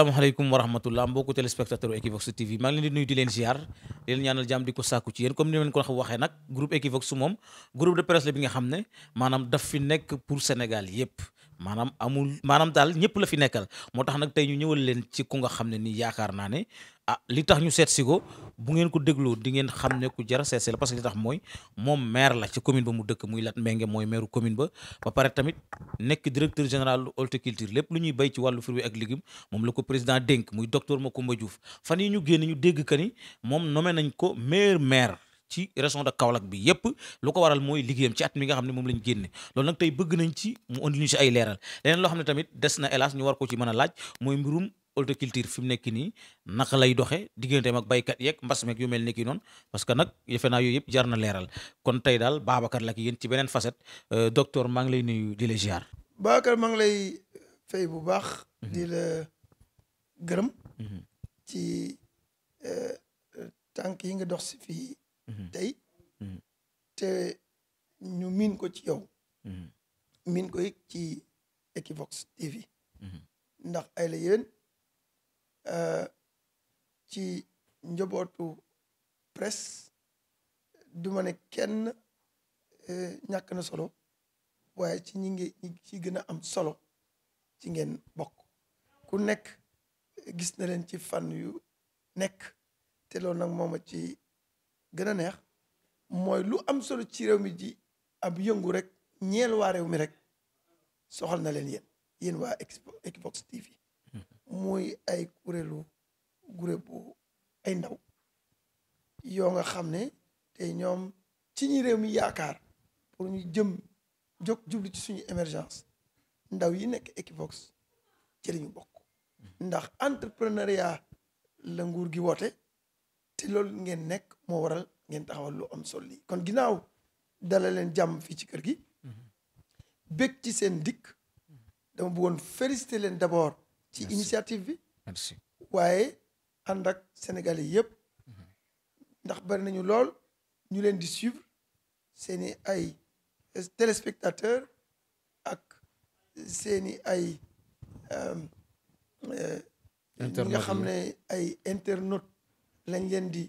asalaamaaleykum wa rahmatullah mbokku téléspectateur Equivox TV maa ngi leen di nuyu di leen ziar leen ñaanal jàmm di ko sàkku ci yéen comme ni leen ko waxee nag groupe Equivox moom groupe de presse bi nga xam ne maanaam daf fi nekk pour Sénégal yépp maanaam amul maanaam daal ñëpp la fi nekkal moo tax nag tey ñu ñëwal leen ci ku nga xam ne ni yaakaar naa ne ah li tax ñu seet si ko bu ngeen ko dégloo di ngeen xam ne ku jar seet si parce que li tax mooy moom maire la ci commune ba mu dëkk muy Lat Mbengue mooy maire commune ba ba pare tamit nekk directeur général culture lépp lu ñuy bay ci wàllu fruits ak légumes moom la ko président dénk muy docteur Macoumba Diouf fan yi ñu génn ñu dégg ka ni moom nommé nañ ko maire maire ci région de Kaolack bi yépp lu ko waral mooy liggéeyam ci at mi nga xam ne moom lañ génne loolu nag tey bëgg nañ ci mu indi ñu si ay leeral leneen loo xam ne tamit des na hélas ñu war ko ci mën a laaj mooy mbirum horticulture fi mu nekk nii naka lay doxee digganteem ak baykat yeeg mbas meeg yu mel nekki noonu parce nag defe yooyu yëpp jar na leeral kon tey daal Babacar la ak yéen ci beneen facette euh, docteur maa ngi lay nuyu di la ziar. Babacar maa ngi lay fay bu baax. Mhm. di la gërëm. Mhm. Euh, Mm-hmm. tey mm-hmm. te ñu miin ko ci yow mm-hmm. miin ko it ci Equivox TV ndax ay la yéen euh, ci njobootu presse du ma ne kenn euh, ñàkk na solo waaye ci ñi ngi ci gën a am solo ci ngeen bokk ku nekk gis na leen ci fànn yu nekk te loolu nag moom a ci gën a neex mooy lu am solo ci réew mi ji ab yëngu rek ñeel waa réew mi rek soxal na leen yéen yéen waa ex Equivox TV muy ay kuréelu kuréel bu ay ndaw yoo nga xam ne tey ñoom ci ñi réew mi yaakaar pour ñu jëm jog jublu ci suñu émergence ndaw yi nekk Equivox ci la ñu bokk ndax entrepreneuriat la nguur gi woote te loolu ngeen nekk moo waral ngeen taxawal lu am sol nii kon ginnaaw dala leen jàmm fii ci kër gi mm-hmm. bég ci seen dikk mm-hmm. dama bëggoon féliciter leen d'abord ci initiative bi waaye ànd ak sénégalais yëpp mm-hmm. ndax bari nañu lool ñu leen di suivre seeni ay téléspectateurs ak seeni ay euh, euh, ñi nga xam ne ay internautes lañ leen di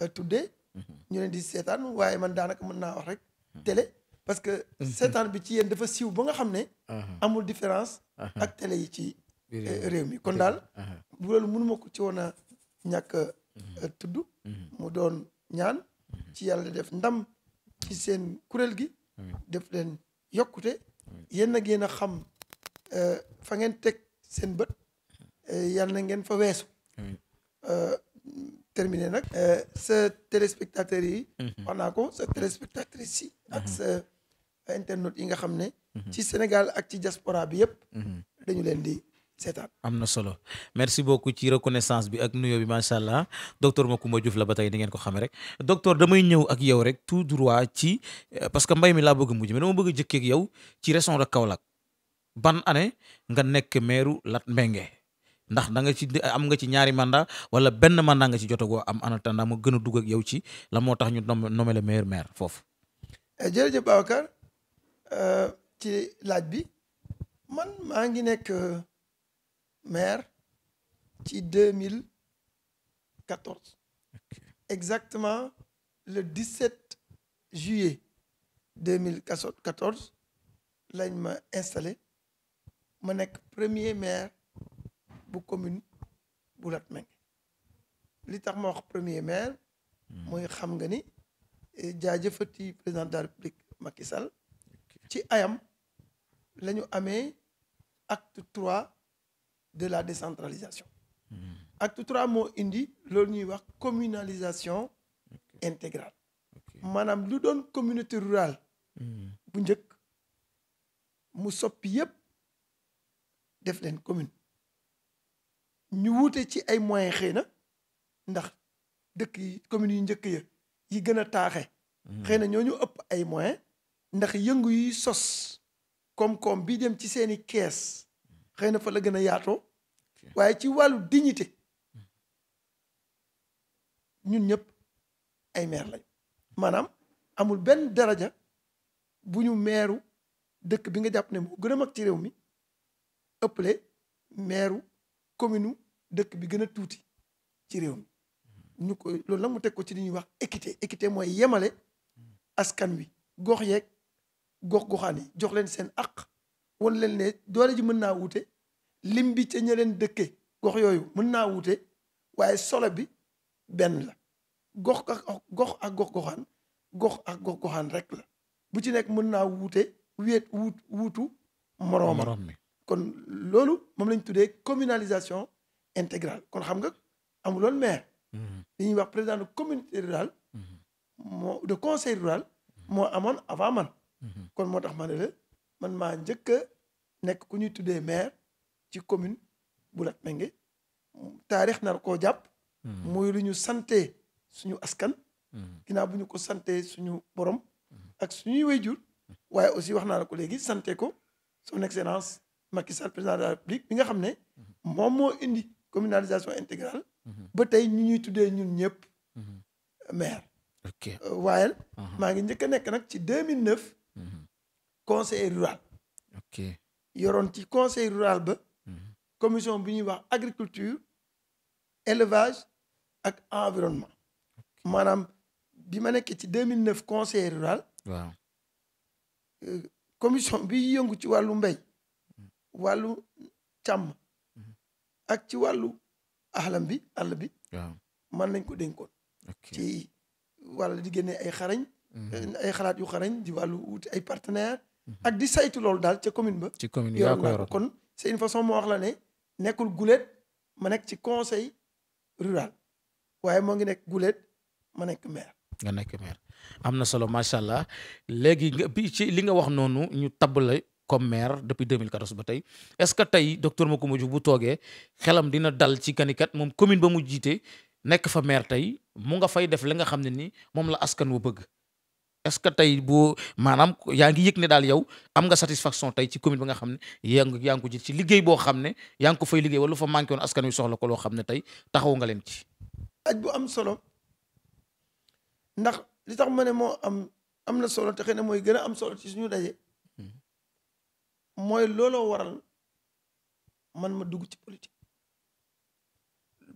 euh, tuddee. Mhm. ñu leen di seetaan waaye man daanaka mën naa wax rek mhm. télé. parce que mhm. seetaan bi ci yéen dafa siiw ba nga xam ne. Uh-huh. amul différence. Uh-huh. ak télé yi ci euh, réew mi kon daal. Uh-huh. bu loolu mënuma ko ci woon a ñàkk a euh, tudd. mu doon ñaan. ci yàlla def ndam ci seen kuréel gi. def leen yokkute. yéen a ngeen a xam fa ngeen teg seen bët. yàlla na ngeen fa weesu. terminé nag euh, sa téléspectateur yi mhm. wax naa ko sa téléspectatrice yi ak mhm. sa internautes yi nga xam ne mhm. ci Sénégal ak ci diaspora bi yëpp dañu leen di seetaan am na solo merci beaucoup ci reconnaissance bi ak nuyoo bi macha allah docteur Macoumba Diouf la ba tey di ngeen ko xame rek docteur damay ñëw ak yow rek tout droit ci euh, parce que mbay mi laa bëgg mujj mais dama bëgg a jëkkee ak yow ci région de Kaolack ban année nga nekk meeru Lat Mbengue ndax da nga ci am nga ci ñaari mandat wala benn mandat nga ci jotagoo am en attendant mu gën a dugg ak yow ci la moo tax ñu nommé le maire foofu. Eh, jërëjëf Babacar euh, ci laaj bi man maa ngi nekk euh, maire ci 2014. exactement le 17 juillet 2014 lañ ma installé ma nekk premier maire. bu commune bu Latmingué li tax ma wax premier maire hmm. mooy xam nga ni eh, jaajëfati président de la république Macky ci ayam la ñu amee acte trois de la décentralisation hmm. acte trois moo indi loolu ñuy wax communalisation intégrale maanaam lu doon communauté rural hmm. bu njëkk mu soppi yépp def leen commune ñu wuute ci ay moyens xëy na ndax dëkk yi commune yu njëkk ya yi gën a taaxe hmm. xëy na ñoo ñu ëpp ay moyen ndax yëngu yi sos koom-koom bi dem ci seeni kees xëy na fa la gën a yaatoo waaye ci wàllu dignité ñun ñëpp ay maire lañu maanaam amul benn daraja bu ñu meeru dëkk bi nga jàpp ne moo gën a mag ci réew mi ëpple meeru commune dëkk bi gën a tuuti ci réew mi ñu ko loolu la mu teg ko ci li ñuy wax équité équité mooy yemale askan wi gox yeeg gox goxaan yi jox leen seen aq wan leen ne doole ji mën naa wuute lim bi ca ña leen dëkke gox yooyu mën naa wuute waaye solo bi benn la gox ak gox goxaan gox ak gox goxaan rek la bu ci nekk mën naa wuute wéet wuut wuutu moroomam kon loolu moom lañ tuddee communalisation intégrale kon xam nga amuloon maire mm-hmm. li ñuy wax président de communauté rurale mm-hmm. moo de conseil rural mm-hmm. moo amoon avant man kon moo tax ma ne la man maa njëkk a nekk ku ñuy tuddee maire ci commune bu Latmingué taarix nar koo jàpp muy lu ñu sante suñu askan ginnaaw bu ñu ko sante suñu borom ak suñuy wayjur waaye aussi wax naa la ko léegi sante ko son excellence Macky Sall président de la République bi nga xam ne moom moo indi communalisation intégral ba tey ñu ñuy tuddee ñun ñëpp maire euh, waaye uh-huh. maa ngi njëkk a nekk nag ci 2009 uh-huh. conseil rural ok yoroon ci conseil rural ba uh-huh. commission bi ñuy wax agriculture élevage ak environnement maanaam bi ma nekkee ci 2009 conseil rural waaw euh, commission bi yëngu ci wàllu mbéy wàllu càmm mhm. ak ci wàllu alam bi àll bi man nañ ko dénkoon ci wàll di génne ay xarañ mhm. eh, ay xalaat yu xarañ di wàllu wuti ay partenaire mhm. ak di saytu loolu daal ca commune ba ci commune yaa ko yor kon c'est une façon moo wax la ne nekkul guléet ma nekk ci conseil rural waaye moo ngi nekk guléet ma nekk maire nga nekk maire am na solo macha allah léegi nga bi ci li nga wax noonu ñu tabb comme maire depuis 2014 ba tey est-ce que tey docteur Macoumba Diouf bu toogee xelam dina ba mu jiite nekk fa maire tey mu nga fay def li nga xam ne ni moom la askan wu bëgg est que tey bu maanaam yaa ngi yëg ne daal yow am nga satisfaction tey ci commune bi nga xam ne yaa ngi yaa ngi ko jiit ci liggéey boo xam ne yaa ngi ko fay liggéey wala lu fa manqué askan wi soxla ko loo xam ne tey taxaw nga leen ci. aj bu am solo ndax li tax ma ne moo am am na solo a mooy looloo waral man ma dugg ci politique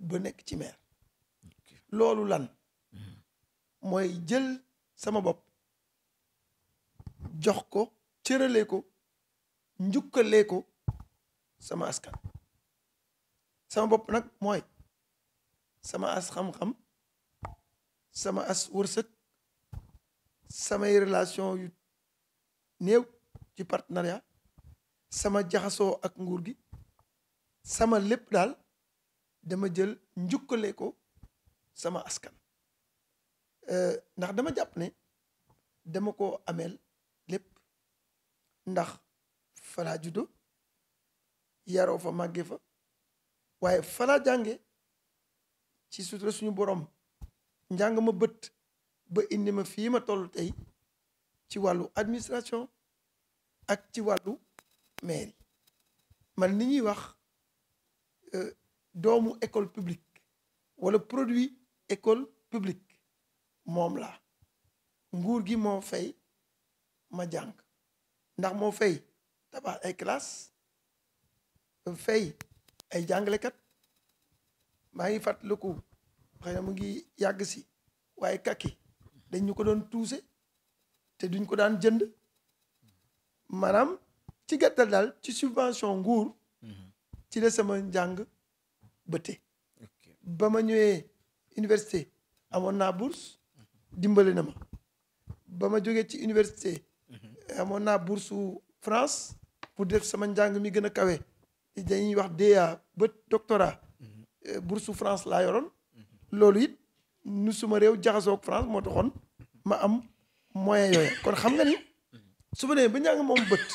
ba nekk ci maire loolu lan hmm. mooy jël sama bopp jox ko cëralee ko njukkalee ko sama askan sama bopp nag mooy sama as xam-xam sama as wërsëg samay relation yu néew ci partenariat sama jaxasoo ak nguur gi sama lépp daal dama jël njukkale ko sama askan euh, ndax dama jàpp ne dama ko ameel lépp ndax falaa juddo yaroo fa màggee fa waaye falaa jànge ci sutura suñu borom njàng ma bët ba indi ma fii ma toll tey ci wàllu administration ak ci wàllu mairie man ni ñuy wax euh, doomu école publique wala produit école publique moom la nguur gi moo fay ma jàng ndax moo fay tabax ay classe fay ay jàngalekat maa ngi fàttaliku xëy na mu ngi yàgg si waaye kaki dañ ñu ko doon tuuse te duñ ko daan jënd maanaam ci gàttal daal ci subvention nguur ci la sama njàng bëtte ba ma ñëwee université amoon naa bourse dimbali na ma ba ma jógee ci université amoon naa bourse France pour def sama njàng mi gën a kawe dañuy wax DEA bët doctorat mhm. bourse France laa yoroon mhm. loolu it nu suma réew jaxasoo ak France moo taxoon ma am moyen yooyu kon xam nga ni mhm. su ma nee ba njàng moom bët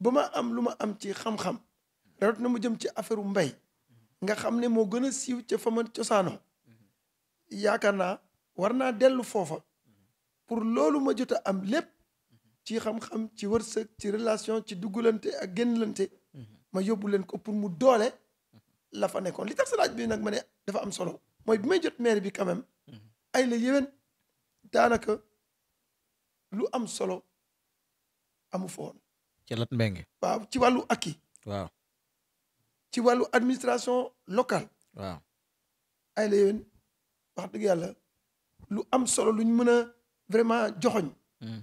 ba ma am lu ma am ci xam-xam rawat na mu jëm ci affaire mbay nga xam ne moo gën a siiw ci fa cosaano cosaanoo yaakaar naa war naa dellu foofa pour loolu ma jot am lépp ci xam-xam ci wërsëg ci relation ci duggalante ak génnlante ma yóbbu leen ko pour mu doole la nekkoon li tax sa laaj bi nag ma ne dafa am solo mooy bi may jot maire bi quand ay la yéwén daanaka lu am solo amu foon ci Lat Mbengue waaw ci wàllu akki waaw wàllu administration locale waaw ay la yéen wax dëgg yàlla lu am solo luñ mën a vraiment joxoñ hmm.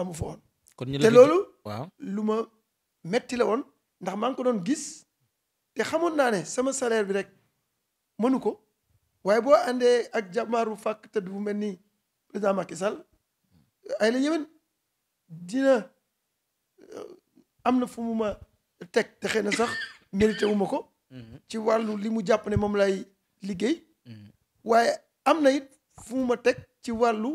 amu fa kon ñu te loolu waaw lu ma mettile woon ndax maa ngi ko doon gis te xamoon naa ne sama salaire bi rek mënu ko waaye boo àndee ak jamaaru fàkk tëdd bu mel ni président Macky Sall ay la yéen dina am na fu mu ma teg te xëy na sax mérité ko mhm. ci wàllu li mu jàpp ne moom lay liggéey mhm. waaye am na it fu mu ma teg ci wàllu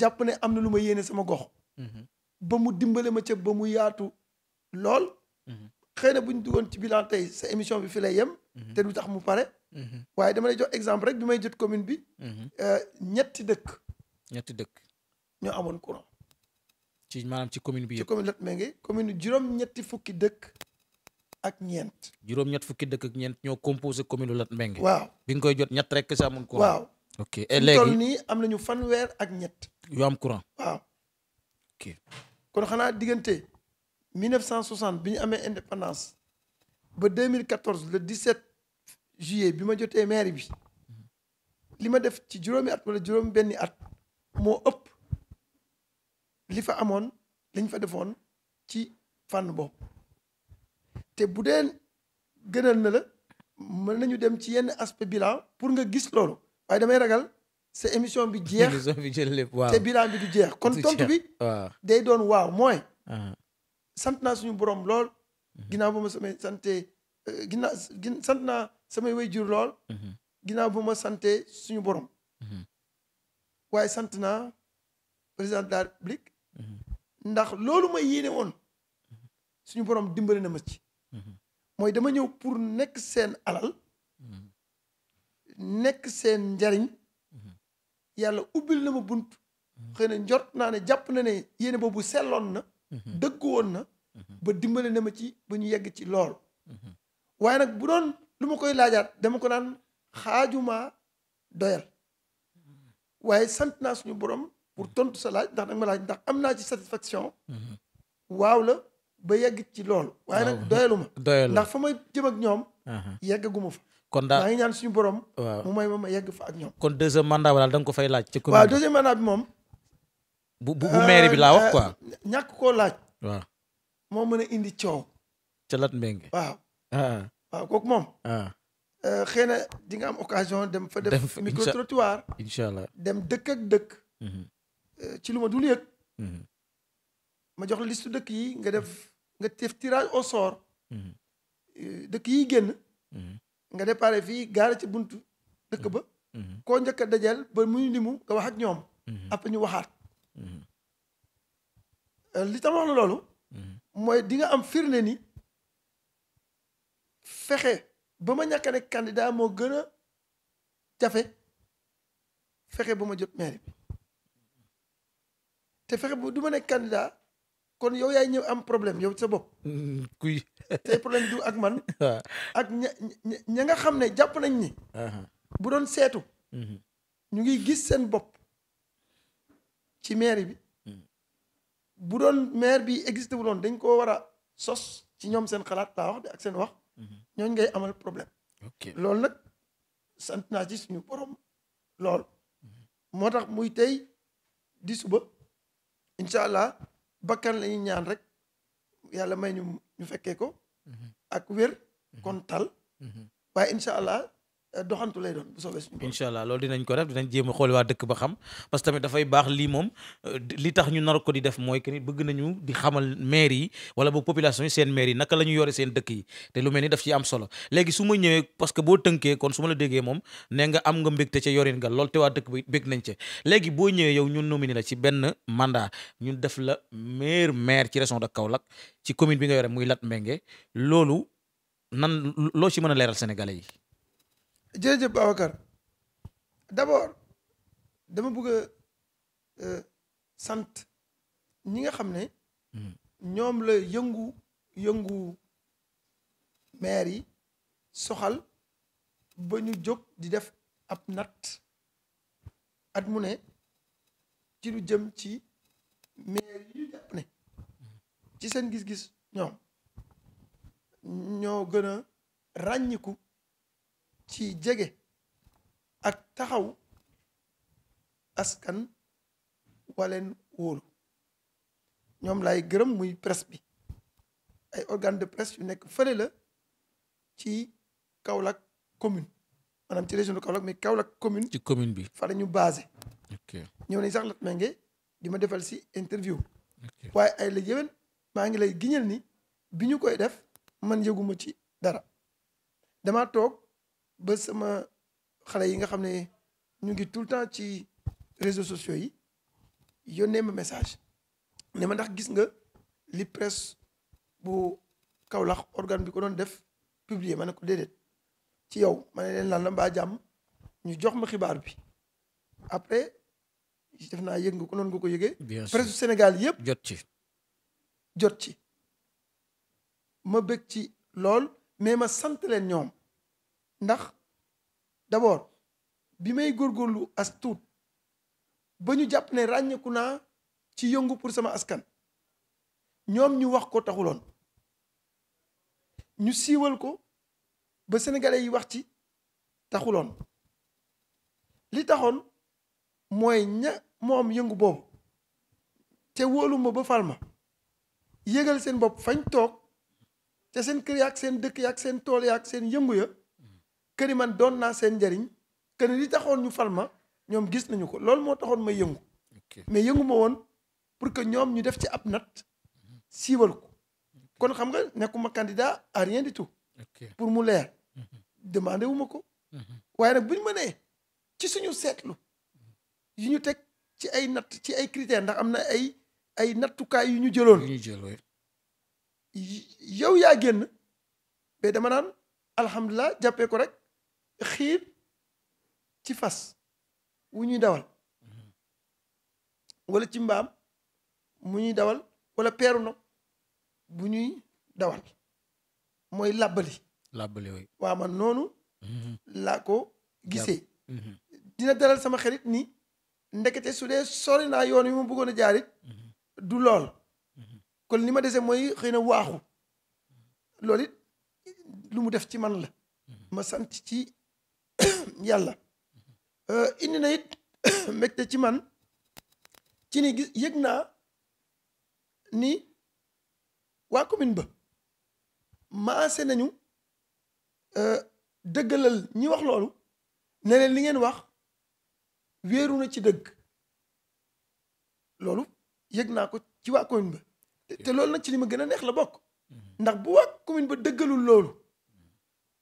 jàpp ne am na lu ma yéene sama gox mhm. ba mu dimbale ma ca ba mu yaatu lool xëy na bu ñu duggoon ci bilan tey sa émission bi fi lay yem te du tax mu pare waaye dama lay jox exemple rek bi may jot commune bi euh, ñetti dëkk ñetti dëkk ñoo amoon courant ci maanaam ci commune bi yëpp ci commune Latmingué commune juróom-ñetti fukki dëkk ak ñeent. juróom-ñett fukki dëkk ak ñeent ñoo composé commune Latmingué. waaw bi nga koy jot ñett rek sa amul courant. waaw ok et léegi nii am nañu fanweer ak ñett. yoo am courant. waaw. ok xanaa diggante 1960 bi ñu amee indépendance ba 2014 le 17 juillet bi ma jotee maire bi mhm. li ma def ci juróomi at wala juróom benni at moo ëpp. li fa amoon lañ fa defoon ci fànn bopp te bu dee gënal na la mën nañu dem ci yenn aspect bilan pour nga gis loolu waaye damay ragal sa émission bi jeex te bilan bi du jeex kon tontu bi day doon waaw mooy ah. sant suñu borom lool mhm. ginnaaw ba ma samay sante euh, ginnaaw sant naa samay way jur lool mhm. ginnaaw ma sante suñu borom mhm. waaye sant président de la république ndax loolu may yéene woon suñu borom dimbali na ma ci. mooy dama ñëw pour nekk seen alal nekk seen njariñ yàlla ubbil na ma bunt xëy na njort naa ne jàpp na ne yéene boobu selloon na dëgg woon na ba dimbali na ma ci ba ñu yegg ci lool waaye nag bu doon lu ma koy laajaat dama ko daan xaajuma doyal waaye sant naa suñu boroom pour tontu sa laaj ndax nag ma laaj ndax am naa ci satisfaction. Mhm. waaw la ba yegg ci loolu. waaye nag doyalu ma. doyalu ndax fa may jëm ak ñoom. yeggaguma fa. kon daal maa suñu borom. waaw ma yegg fa ak ñoom. kon deuxième mandat bi daal da nga ko fay laaj. ci ko waaw deuxième mandat bi bi laa wax euh, quoi. Euh, koo laaj. mën a indi coow. ca Lat Mbengue. waaw. Ah. kooku moom. Ah. Euh, xëy na di nga am occasion dem fa def. micro trottoir incha allah dem dëkk ak dëkk. Mhm. ci lu ma dul yëg mhm. ma jox la dëkk yi nga def nga def tirage au sort mhm. euh, dëkk yi génn mhm. nga déparé fii gaare ci buntu dëkk ba koo njëkk a dajeel ba muy limu nga wax ak ñoom après ñu waxaat euh, li tam wax la loolu mooy di nga am firnde ni fexe ba ma ñàkk a nekk moo gën a jafe fexe ba ma jot maire fexe bu du ma nekk candidat kon yow yaay ñëw am problème yow sa bopp. kuy te problème du ak man. ak ña ña nga xam ne jàpp nañ ni. Uh-huh. bu doon seetu. Mm-hmm. ñu ngi gis seen bopp ci maire bi. Mm. bu doon maire bi existé wuloon dañ koo war a sos ci ñoom seen xalaat laa wax de ak seen wax. Mm-hmm. ñooñ ngay amal problème. loolu nag sant naa ci suñu borom lool. Mm-hmm. moo tax muy tey di suba. incha allah bakkan la ñaan rek yàlla may ñu ñu fekkee ko. Mhm. ak wér mhm. kon tal. Mhm. waaye incha allah doxantu lay doon bu soobee suñu allah loolu dinañ ko def dinañ jéema a waa dëkk ba xam parce que tamit dafay baax lii moom euh, li tax ñu nar ko di def mooy que ni bëgg nañu di xamal maire yi wala ba population yi seen maire yi naka la ñu yore seen dëkk yi te lu mel ni daf ci am solo léegi su ma ñëwee parce que boo tënkee kon su ma la déggee moom ne nga am nga mbégte ca yorin nga lool te waa dëkk ba bég nañ ca léegi boo ñëwee yow ñun nominé la ci benn mandat ñun def la maire maire ci région de Kaolack ci commune bi nga yore muy Lat Mbengue loolu nan loo ci mën a leeral sénégalais yi jërëjëf Babacar d'abord dama bëgg a euh, sant ñi nga xam ne ñoom la yëngu yëngu maire yi soxal ba ñu jóg di def ab natt at mu ne ci lu jëm ci maire yi ñu jàpp ne ci seen gis-gis ñoom ñoo gën a ràññiku ci jege ak taxaw askan waleen wóolu ñoom lay gërëm muy presse bi ay organe de presse yu nekk fële la ci Kaolack commune maanaam ci région de Kaolack mais Kaolack commune. ci commune bi fa la ñu basé. ok nañ sax Latmingué di ma defal si interview. waaye ay la yéwén maa ngi lay giñal ni bi ñu koy def man yëguma ci dara dama toog. ba sama xale yi nga xam ne ñu ngi tout le temps ci réseaux sociaux yi yónnee ma message ne ma ndax gis nga li presse bu Kaolack organe bi ko doon def publier ma ne ko déedéet ci yow ma ne leen lan na mbaa jàmm ñu jox ma xibaar bi après def naa yëg nga ko noonu nga ko yëgee. presse bu Sénégal yëpp jot ci. jot ci ma bëgg ci lool mais ma sant leen ñoom. ndax d'abord bi may góorgóorlu as tuut ba ñu jàpp ne ràññeeku naa ci yëngu pour sama askan ñoom ñu wax ko taxuloon ñu siiwal ko ba sénégalais yi wax ci taxuloon li taxoon mooy ña moom yëngu boobu te woluma ba falma yëgal seen bopp fañ toog te seen kër yaak seen dëkk ak seen tool ak seen yëngu ya këni man doon naa seen njariñ këni li taxoon ñu fal ma ñoom gis nañu ko loolu moo taxoon may yëngu mais yëngu ma woon pour que ñoom ñu def ci ab nat siiwal ko kon xam nga nekkuma candidat à rien du tout pour mu leer mhm. demandé wu ko mhm. waaye nag bu ñu mënee ci suñu seetlu yu ñu teg ci ay natt ci ay critères ndax am na ay ay nattukaay yu ñu jëloon yow yaa génn ba dama naan alhamdulilah jàppee ko rek xiir ci fas wu ñuy dawal mm-hmm. wala ci mbaam mu ñuy dawal wala peeru nopp bu ñuy dawal mooy làbbali làbbali waaw man noonu mm-hmm. laa ko gisee mm-hmm. dina daral sama xarit ni ndekete su dee sori naa yoon wi ma bëggoon a jaarit du lool kon ni ma desee mooy xëy na waaxu loolu it lu mu def ci man la ma sant ci yàlla eh, indi na it mbégte ci man ci ni gis yëg naa ni waa commune ba maase nañu eh, dëggalal ñi wax loolu ne leen li ngeen wax wéeru na ci dëgg loolu yëg naa ko ci waa ba te loolu na ci li ma gën a neex la bokk mm-hmm. ndax bu waa commune ba dëggalul loolu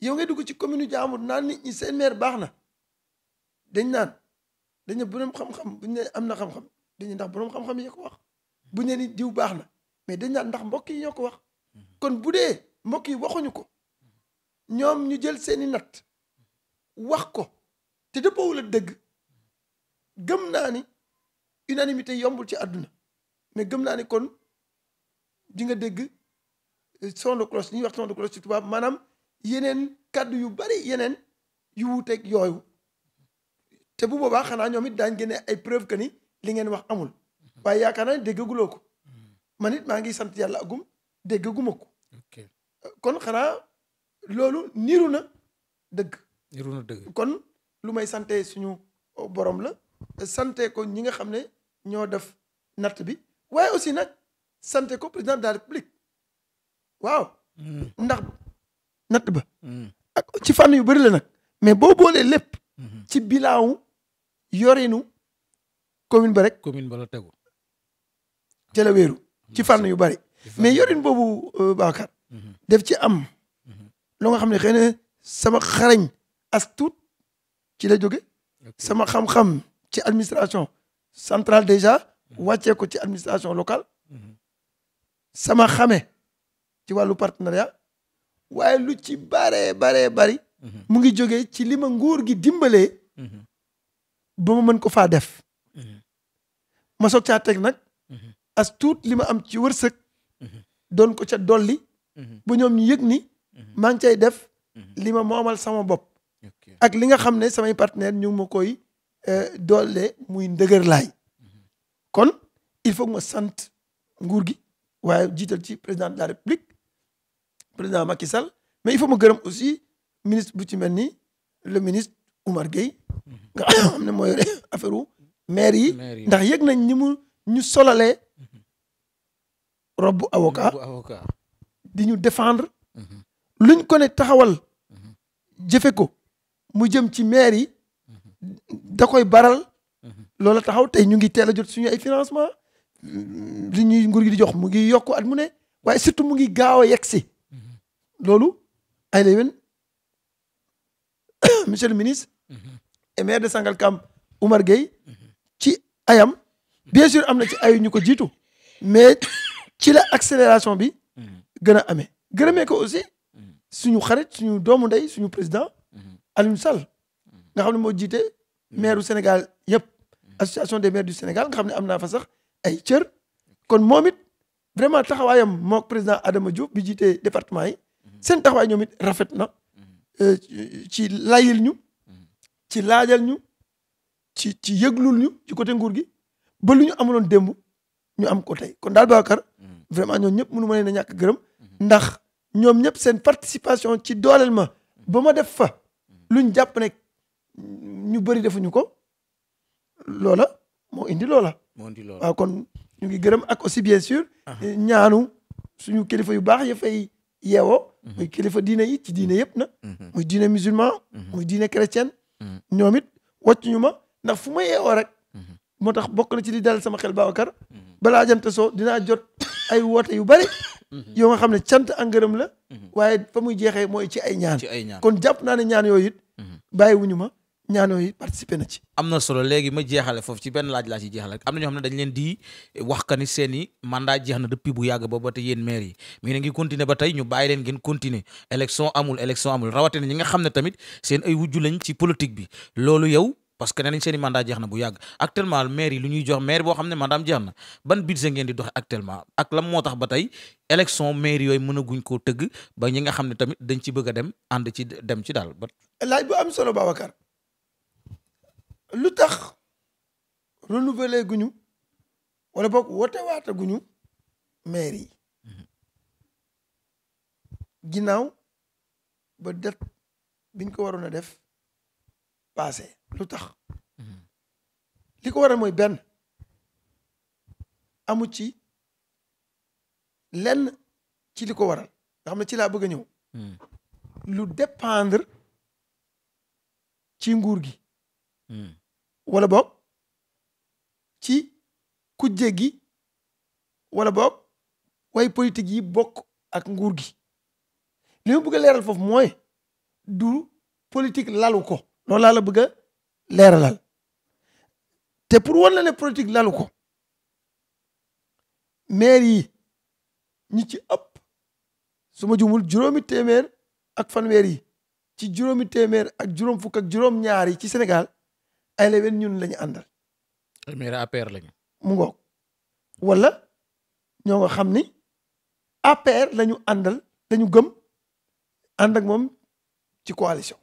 yow ngay dugg ci commune jaamur naan nit ñi seen maire baax na dañ naan dañu borom xam-xam buñ ne am na xam-xam dañu ndax borom xam-xam ko wax buñ ne ni baax na mais dañ naan ndax mbokk yi ñoo ko wax kon bu dee mbokk yi waxuñu ko ñoom ñu jël seeni natt wax ko te dëppoowul a dëgg gëm naa ni unanimité yombul ci àdduna mais gëm naa ni kon di nga dégg euh, son de cloche li ñuy wax son de ci tubaab maanaam yeneen kàddu yu bari yeneen yu wuuteeg yooyu te bu boobaa xanaa ñoom it daañ génne ay preuve que ni li ngeen wax amul waaye yaakaar naa ne déggaguloo ko man it maa ngi sant yàlla agum déggaguma ko kon xanaa loolu niiru na dëgg niiru dëgg kon lu may sante suñu boroom la sante ko ñi nga xam ne ñoo def natt bi waaye aussi nag sante ko président de la waaw hmm. ndax natt ba. Mm. ak ci fànn yu bëri la nag mais boo boolee lépp. Mm-hmm. ci bilaawu yorinu commune ba rek. commune ba la ci fànn yu bëri. mais yorin boobu euh, Babacar. Mm-hmm. def ci am. Mm-hmm. lu nga xam ne xëy na sama xarañ as ci la joge sama xam-xam ci administration central déjà wàccee ci administration locale. sama xame ci wàllu partenariat. waaye lu ci baree baree bari mhm. mu ngi jógee ci li ma nguur gi dimbalee mhm. ba ma mën ko faa def mhm. ma soog caa teg nag as tuut li ma am ci wërsëg doon ko ca dolli ba ñoom ñu yëg ni maa ngi cay def li ma moomal sama bopp ak li nga xam ne samay partenaire ñu ngi ma koy euh, doole muy ndëgër laay kon il faut ma sant nguur gi waaye jiital ci président de la république président Macky Sall mais il faut ma gërëm aussi ministre bu ci mel ni le ministre Oumar Gueye nga xam ne mooy yore affaire u maire yi ndax yëg nañ ni mu ñu solalee robbu avocat di ñu defendre mhm. luñ ko ne taxawal mhm. jëfe ko mu jëm ci maire yi mhm. da koy baral loola taxaw tey ñu ngi teel a jot suñu ay financement li ñuy ngur gi di jox mu ngi yokk at mu ne waaye surtout mu ngi gaaw a yegg si loolu ay la yéen monsieur le ministre mm-hmm. et maire de Sangalkam Oumar Gueye mm-hmm. ci ayam bien sûr am na ci ay ñu ko jiitu mais ci la accélération bi mm-hmm. gën a amee gërëmee ko aussi suñu xarit suñu doomu ndey suñu président Alioune nga xam ne moo jiite maire du Sénégal yëpp association des maires du Sénégal nga xam ne am naa fa sax ay cër kon moom it vraiment taxawaayam mook président Adama Diouf bi jiite département yi seen taxawaay ñoom it rafet na euh, ci layil ñu ci laajal ñu ci ci yëglul ñu ci côté nguur gi ba lu ñu amuloon démb ñu am ko kon daal Babacar vraiment ñoom ñëpp mënu ma leen a ñàkk gërëm ndax ñoom ñëpp seen participation ci dooleel ma ba ma def fa luñ jàpp ne ñu bëri defuñu ko loola moo indi loola. moo indi loola kon ñu ngi gërëm ak aussi bien sûr. Ah. ñaanu suñu kilifa yu baax ya fay yeewoo. Mhm. muy kilifa diine yi ci diine yëpp na mhm. muy diine musulman. Mhm. muy diine chrétienne. ñoom it wàccuñu ma ndax fu ma rek. moo tax bokk na ci li dal sama xel Babacar. balaa jant soo dinaa jot ay woote yu bari. yoo nga xam ne cant ak ngërëm la. waaye fa muy jeexee mooy ci ay ñaan. kon jàpp naa ne ñaan yooyu it. bàyyiwuñu ma. ñaanoo yi participé na ci. am na solo léegi ma jeexale foofu ci benn laaj laa ci jeexale rek am na ñoo xam ne dañ leen di wax ka ni seen i jeex na depuis bu yàgg ba ba tey yéen maire yi mais na ngi continuer ba tey ñu bàyyi leen ngeen continuer élection amul élection nga xam ne tamit seen ay wujju lañ ci politique bi loolu yow parce que nee nañ seen i jeex na bu yàgg actuellement maire yi lu ñuy jox maire boo xam ne mandaam jeex na ban budget ngeen di doxe actuellement ak lan moo tax ba tey élection maire yooyu mën koo tëgg ba ñi nga xam ne tamit dañ ci bëgg a dem ànd ci dem ci daal ba laaj bu am solo Babacar lu tax renouveler guñu wala boog wote waata guñu maire yi mm-hmm. ginnaaw ba det biñ ko waroon def passé lu tax mm-hmm. li ko waral mooy benn amu ci lenn ci li ko waral nga xam ne ci laa bëgg a ñëw mm-hmm. lu dependre ci nguur gi wala boog ci kujje gi walla boog way politique yi bokk ak nguur gi li ma leeral foofu mooy du politique lalu ko loolu laa bëgg a leeralal te pour wan la ne politique lalu ko maire yi ñi ci ëpp su ma jumul juróomi téeméer ak fanweer yi ci juróomi téeméer ak juróom fukk ak juróom ci senegal ay lewen ñun la ñu àndal. maire APR lañu. mu ngoog wala ñoo nga xam ni APR lañu ñu àndal dañu gëm ànd moom ci coalition.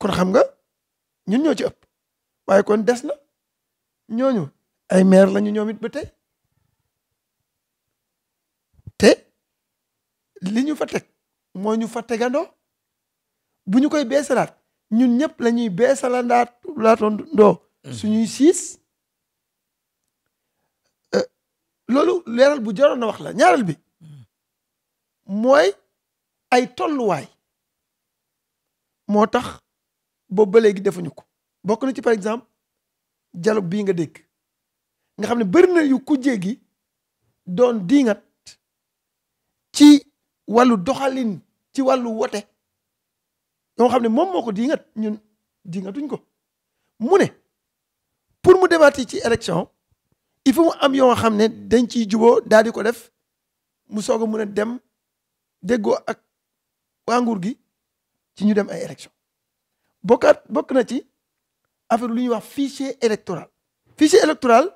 kon xam nga ñun ñoo ci ëpp waaye kon des na ñooñu ay maire lañu ñoom it ba tey te li ñu fa teg moo ñu fa tegandoo bu ñu koy beesalaat ñun ñëpp la ñuy beesalandaat laatondoo mm-hmm. suñuy siis euh, loolu leeral bu jaroon na wax la ñaaral bi mm-hmm. mooy ay tolluwaay moo tax boobu ba léegi defuñu ko bokk na ci par exemple dialogue bii nga dégg nga xam ne bëri na yu kujje gi doon diingat ci wàllu doxalin ci wàllu wote doo xam ne moom moo ko diingat ñun diingatuñ ko mu ne pour mu débattre ci élection il faut mu am yoo xam ne dañ ciy jubo daal di ko def mu soog a mun a dem déggoo ak waa nguur gi ci ñu dem ay élection bokkaat bokk na ci affaire lu ñuy wax fichier électoral fichier électoral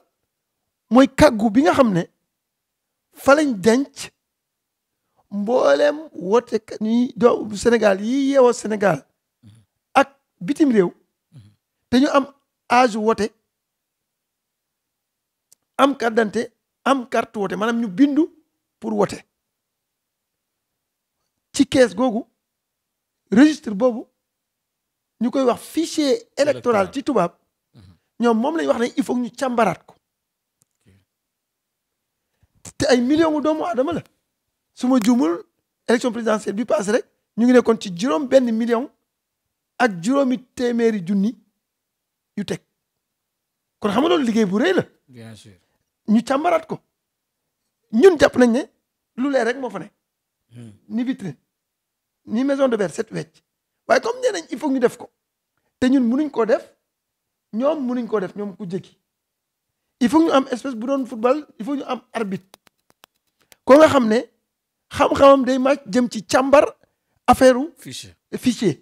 mooy kàggu bi nga xam ne fa lañ denc mbooleem woote ñuy doomu Sénégal yi yewo Sénégal ak bitim réew dañu am âge wote am carte am carte woote maanaam ñu bindu pour wote ci kees googu registre boobu ñu koy wax fichier électoral ci tubaab ñoom moom lañu wax ne il faut ñu càmbaraat ko te ay millions wu doomu aadama la suma juumul élection présidentielle bi passé rek ñu ngi nekkoon ci juróom benn million ak juróomi téeméeri junni yu teg kon xam nga loolu liggéey bu rëy la. bien ñu càmbaraat ko ñun jàpp nañ ne lu leer rek moo ne. Hmm. ni vitrine ni maison de verre set wecc waaye comme nee nañ il faut ñu def ko te ñun munuñ koo def ñoom munuñ koo def ñoom ku jëkki il faut ñu am espèce bu doon football il ñu am arbitre ko nga xam ne. xam-xamam day ma jëm ci càmbar affaire u fichier fichier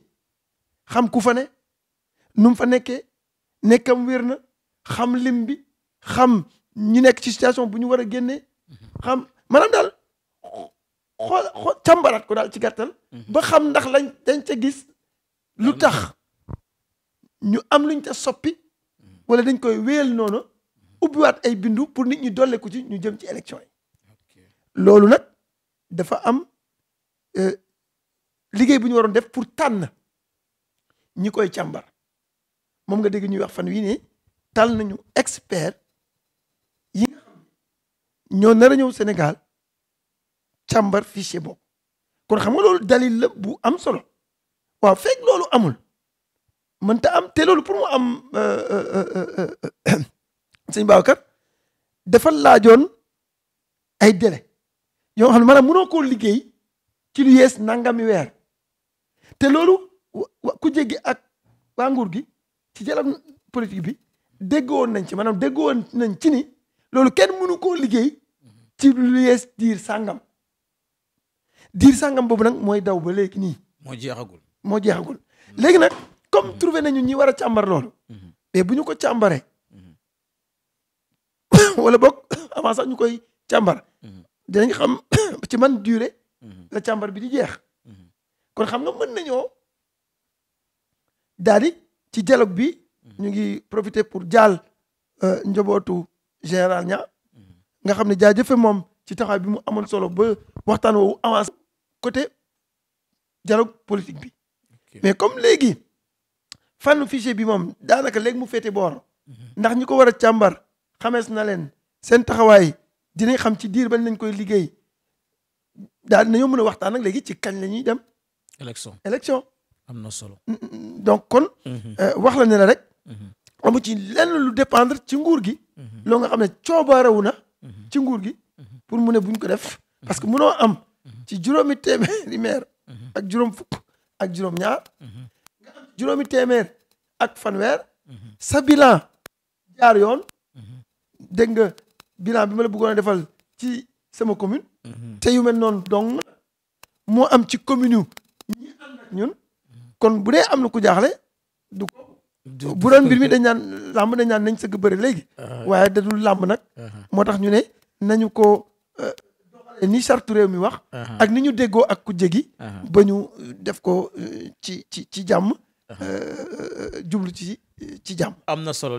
xam ku fa ne nu fa nekkee nekkam wér na xam lim bi xam ñu nekk ci situation bu ñu war a génnee mhm. xam maanaam daal xool xool ko daal ci gàttal mhm. ba xam ndax lañ dañ ca gis lu tax ñu am luñ ca soppi mhm. wala dañ koy wéyal noonu ubbiwaat ay bindu pour nit ñi dolle ko ci ñu jëm ci élection yi loolu nag dafa am euh, liggéey bu ñu waroon def pour tànn ñi koy càmbar moom nga dégg ñuy wax fan wii ne tànn nañu expert yi ñoo nar a ñëw Sénégal càmbar fichier boobu kon xam nga loolu dalil la bu am solo waaw fekk loolu amul mënta am te loolu pour mu am euh, euh, sëñ Babacar dafa laajoon ay délai yoo xam ne maanaam mënoo koo liggéey ci lu yees nangami weer te loolu ku jéggi ak waa gi ci dialogue politique bi déggoon nañ ci manam déggoon nañ ci ni loolu kenn mënu koo liggéey ci lu yees diir sàngam diir sangam boobu nag mooy daw ba léegi nii. moo jeexagul moo jeexagul léegi nag comme mm-hmm. trouvé nañu ñi war a càmbar loolu. Mm-hmm. mais bu ñu ko càmbaree. Mm-hmm. wala boog avant sax ñu koy càmbar. dinañ xam ci man durée mhm. la càmbar bi di jeex mhm. kon xam nga mën nañoo daal di ci dialogue bi mhm. ñu ngi profiter pour jaal euh, njobootu général ña nga xam ne jaajëfe moom ci taxaw bi mu amoon solo ba waxtaan woowu avance côté dialogue politique bi mais comme léegi fànn fichier bi moom daanaka léegi mu féete boor ndax ñi ko war a càmbar xamees na leen seen taxawaay dinañ xam ci diir ban lañ koy liggéey daal nañoo mën a waxtaan nag léegi ci kañ la ñuy dem. élection élection. am na solo. Mm, mm, mm. donc kon. Mhm. Euh, wax la ne la rek. Mhm. amu ci lenn lu dépendre ci nguur gi. Mhm. loo nga xam ne coobaarewu na. ci nguur gi. pour mu ne buñ ko def. parce que munoo am. ci juróomi téeméeri ak juróom fukk ak juróom ñaar. nga am téeméer ak fanweer. sa bilan jaar yoon. dégg nga bilan bi ma la bëggoon defal ci sama commune. Mhm. te yu mel noonu donc moo am ci commune yu. ñi am ak ñun. kon bu dee am na ku jaaxle du ko. bu doon mbir mi dañ naan làmb dañ nañ sëgg bëri léegi. Ah. waaye dadul làmb nag. Uh-huh. moo tax ñu ne nañu ko euh, ni sartu réew mi wax. Uh-huh. ak ni ñu déggoo ak ku jégi uh-huh. ba ñu euh, def ko euh, ci ci ci jàmm. jublu ci ci jàmm. am na solo.